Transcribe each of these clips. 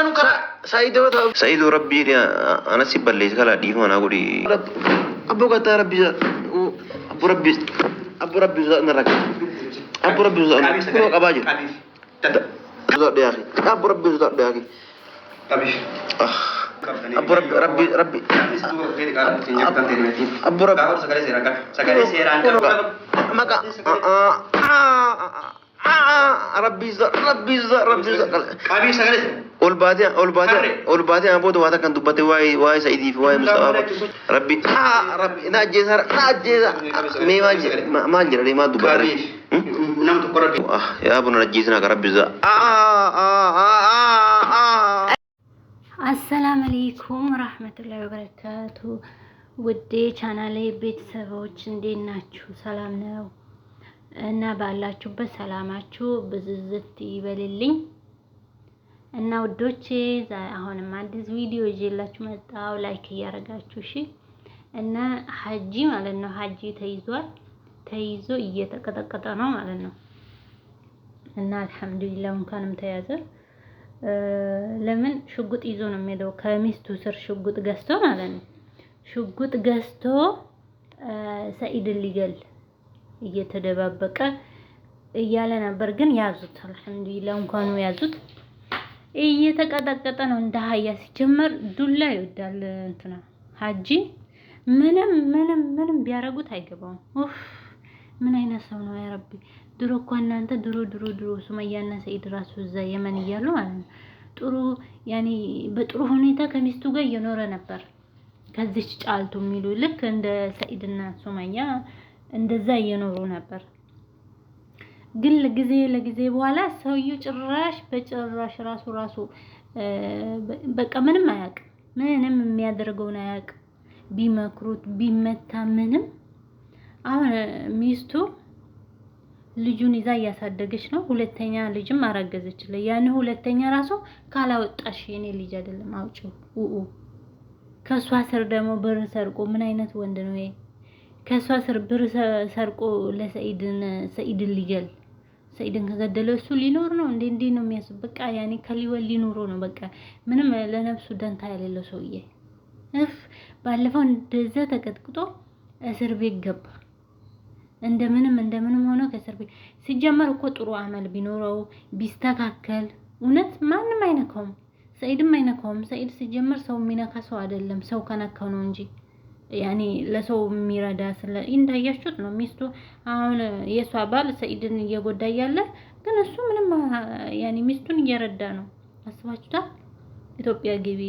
Quraanu kana. Sa'iiduu Rabbii anasi balleessi kalaa dhiifama naa godhi. Abboo gataa Rabbii abboo Rabbii abboo Rabbii suusaa inni rakkate. Abboo Rabbii Rabbi Rabbi. Rabbi. آه، ربي يزدر ربي يزدر ربي يزدر أبي سجلت والبادي والبادي والبادي أنا بود وهذا كان دبتي واي واي سيدي في واي مستوى ربي ها آه، ربي ناجي سر ناجي ما جرى ما جرى ما دبتي نمت قربي يا ابو نجيزنا ربي يزدر አሰላም አለይኩም ረህመቱላሂ ወበረካቱ። ውዴ ቻናሌ ቤተሰቦች እንዴት ናችሁ? ሰላም ነው? እና ባላችሁበት ሰላማችሁ ብዝዝት ይበልልኝ። እና ውዶቼ አሁንም አዲስ ቪዲዮ ይዤላችሁ መጣው። ላይክ እያደረጋችሁ እሺ። እና ሀጂ ማለት ነው ሀጂ ተይዟል። ተይዞ እየተቀጠቀጠ ነው ማለት ነው። እና አልሐምዱሊላህ እንኳንም ተያዘ። ለምን ሽጉጥ ይዞ ነው የሚሄደው? ከሚስቱ ስር ሽጉጥ ገዝቶ ማለት ነው። ሽጉጥ ገዝቶ ሰኢድን ሊገል እየተደባበቀ እያለ ነበር። ግን ያዙት፣ አልሐምዱሊላህ እንኳኑ ያዙት። እየተቀጠቀጠ ነው እንደ አህያ። ሲጀመር ዱላ ይወዳል እንትና ሀጂ። ምንም ምንም ምንም ቢያረጉት አይገባውም። ኡፍ ምን አይነት ሰው ነው? ያ ረቢ። ድሮ እኮ እናንተ ድሮ ድሮ ድሮ ሱመያና ሰኢድ ራሱ እዛ የመን እያሉ ማለት ነው ጥሩ ያኔ በጥሩ ሁኔታ ከሚስቱ ጋር እየኖረ ነበር። ከዚች ጫልቱ የሚሉ ልክ እንደ ሰኢድና ሱመያ እንደዛ እየኖሩ ነበር። ግን ለጊዜ ለጊዜ በኋላ ሰውየው ጭራሽ በጭራሽ ራሱ ራሱ በቃ ምንም አያውቅም፣ ምንም የሚያደርገውን አያውቅም። ቢመክሩት ቢመታ ምንም። አሁን ሚስቱ ልጁን ይዛ እያሳደገች ነው። ሁለተኛ ልጅም አረገዘች። ያን ሁለተኛ ራሱ ካላወጣሽ የኔ ልጅ አይደለም አውጪው። ከእሷ ስር ደግሞ ብር ሰርቆ ምን አይነት ወንድ ነው? ከእሷ ስር ብር ሰርቆ ለሰኢድን ሰኢድን ሊገል ሰኢድን ከገደለ እሱ ሊኖር ነው እንዴ? እንዴ ነው የሚያስብ። በቃ ያኔ ከሊወል ሊኖሮ ነው በቃ ምንም ለነፍሱ ደንታ የሌለው ሰውዬ እፍ ባለፈው እንደዛ ተቀጥቅጦ እስር ቤት ገባ። እንደምንም እንደምንም ሆኖ ከእስር ቤት ሲጀመር እኮ ጥሩ አመል ቢኖረው ቢስተካከል እውነት ማንም አይነካውም፣ ሰኢድም አይነካውም። ሰኢድ ሲጀመር ሰው የሚነካ ሰው አይደለም፣ ሰው ከነካው ነው እንጂ ያኔ ለሰው የሚረዳ ስለ እንዳያችሁት ነው። ሚስቱ አሁን የእሷ ባል ሰኢድን እየጎዳ እያለ ግን እሱ ምንም ያኔ ሚስቱን እየረዳ ነው። አስባችሁታል? ኢትዮጵያ ግቢ፣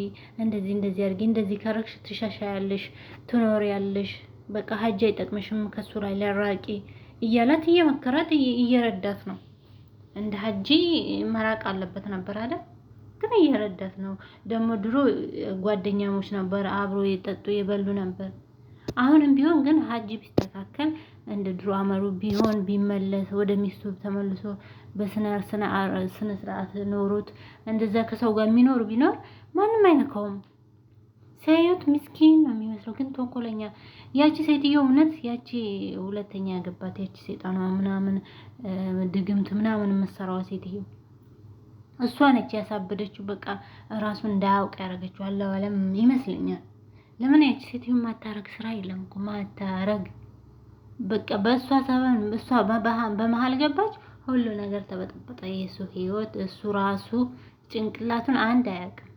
እንደዚህ እንደዚህ አድርጊ፣ እንደዚህ ከረግሽ ትሻሻያለሽ፣ ትኖሪያለሽ፣ በቃ ሀጅ አይጠቅምሽም፣ ከሱ ላይ ለራቂ እያላት እየመከራት እየረዳት ነው። እንደ ሀጂ መራቅ አለበት ነበር አለ ግን እየረዳት ነው። ደግሞ ድሮ ጓደኛሞች ነበር፣ አብሮ የጠጡ የበሉ ነበር። አሁንም ቢሆን ግን ሀጅ ቢስተካከል እንደ ድሮ አመሩ ቢሆን ቢመለስ ወደ ሚስቱ ተመልሶ በስነ ስርዓት ኖሮት እንደዛ ከሰው ጋር የሚኖር ቢኖር ማንም አይነካውም። ሲያዩት ምስኪን ነው የሚመስለው፣ ግን ተንኮለኛ። ያቺ ሴትዮ እውነት ያቺ ሁለተኛ ያገባት ያቺ ሴጣኗ ምናምን ድግምት ምናምን የምትሰራዋ ሴትዮ እሷ ነች ያሳበደችው። በቃ ራሱ እንዳያውቅ ያደረገችው አለዋለም ይመስለኛል። ለምን ያች ሴትዮ ማታረግ ስራ የለም እኮ ማታረግ በቃ በእሷ ሰበን እሷ በመሀል ገባች። ሁሉ ነገር ተበጠበጠ። የእሱ ህይወት እሱ ራሱ ጭንቅላቱን አንድ አያውቅም።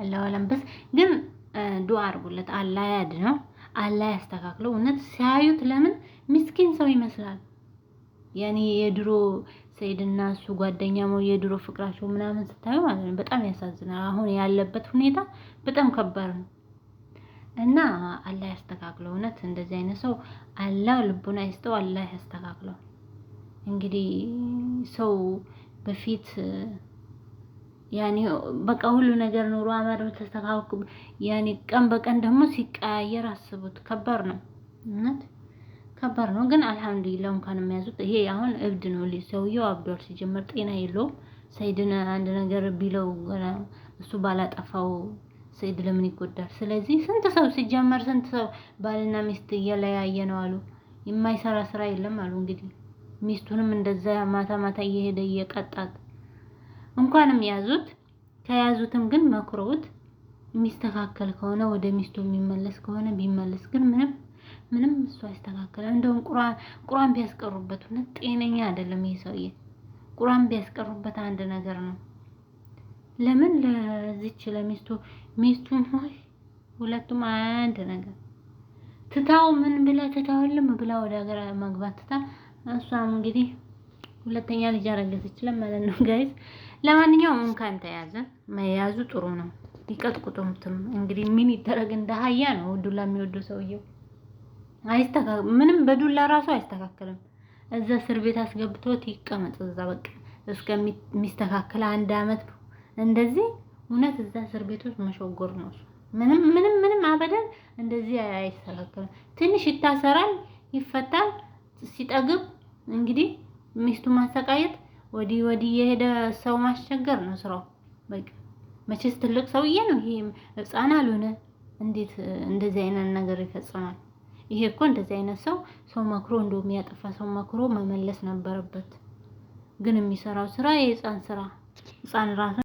አለዋለም በስ ግን ዱዓ አድርጉለት። አላህ ያድነው፣ አላህ ያስተካክለው። እውነት ሲያዩት ለምን ምስኪን ሰው ይመስላል። ያኔ የድሮ ሰይድና እሱ ጓደኛ የድሮ ፍቅራቸው ምናምን ስታዩ ማለት ነው በጣም ያሳዝናል። አሁን ያለበት ሁኔታ በጣም ከባድ ነው እና አላህ ያስተካክለው። እውነት እንደዚህ አይነት ሰው አላህ ልቡን አይስጠው፣ አላህ ያስተካክለው። እንግዲህ ሰው በፊት ያኔ በቃ ሁሉ ነገር ኑሮ አማር ተስተካክሎ ያኔ ቀን በቀን ደግሞ ሲቀያየር አስቡት፣ ከባድ ነው እውነት ከባድ ነው ግን አልሐምዱሊላህ እንኳን የሚያዙት ይሄ አሁን እብድ ነው። ሰውየው አብዷል። ሲጀመር ጤና የለውም። ሰይድን አንድ ነገር ቢለው እሱ ባላጠፋው ሰይድ ለምን ይጎዳል? ስለዚህ ስንት ሰው ሲጀመር ስንት ሰው ባልና ሚስት እየለያየ ነው አሉ። የማይሰራ ስራ የለም አሉ። እንግዲህ ሚስቱንም እንደዛ ማታ ማታ እየሄደ እየቀጣት እንኳንም ያዙት። ከያዙትም ግን መክሮት የሚስተካከል ከሆነ ወደ ሚስቱ የሚመለስ ከሆነ ቢመለስ ግን ምንም ምንም እሱ አይስተካከልም። እንደውም ቁርአን ቢያስቀሩበት እውነት ጤነኛ አይደለም ይሄ ሰውዬ። ቁርአን ቢያስቀሩበት አንድ ነገር ነው። ለምን ለዚች ለሚስቱ ሚስቱን ሆይ ሁለቱም አንድ ነገር ትታው ምን ብላ ትታውልም ብላ ወደ ሀገር መግባት ትታ እሷም እንግዲህ ሁለተኛ ልጅ አረገዘች ማለት ነው ጋይስ። ለማንኛውም እንኳን ተያዘ መያዙ ጥሩ ነው። ይቀጥቁጡም እንግዲህ ምን ይደረግ። እንደ ሀያ ነው ዱላ የሚወዱ ሰውየው። አይስተካከል ምንም በዱላ ራሱ አይስተካከልም። እዛ እስር ቤት አስገብቶት ይቀመጥ እዛ በቃ እስከሚስተካከል አንድ አመት እንደዚህ። እውነት እዛ እስር ቤቶች መሸጎር ነው። ምንም ምንም ምንም አበደን እንደዚህ አይስተካከልም። ትንሽ ይታሰራል፣ ይፈታል። ሲጠግብ እንግዲህ ሚስቱ ማሰቃየት፣ ወዲህ ወዲህ የሄደ ሰው ማስቸገር ነው ስራው። በቃ መቼስ ትልቅ ሰውዬ ነው ይሄ፣ ህፃን አልሆነ። እንዴት እንደዚህ አይነት ነገር ይፈጽማል? ይሄ እኮ እንደዚህ አይነት ሰው ሰው መክሮ እንደው የሚያጠፋ ሰው መክሮ መመለስ ነበረበት። ግን የሚሰራው ስራ የህፃን ስራ ህፃን ራሱ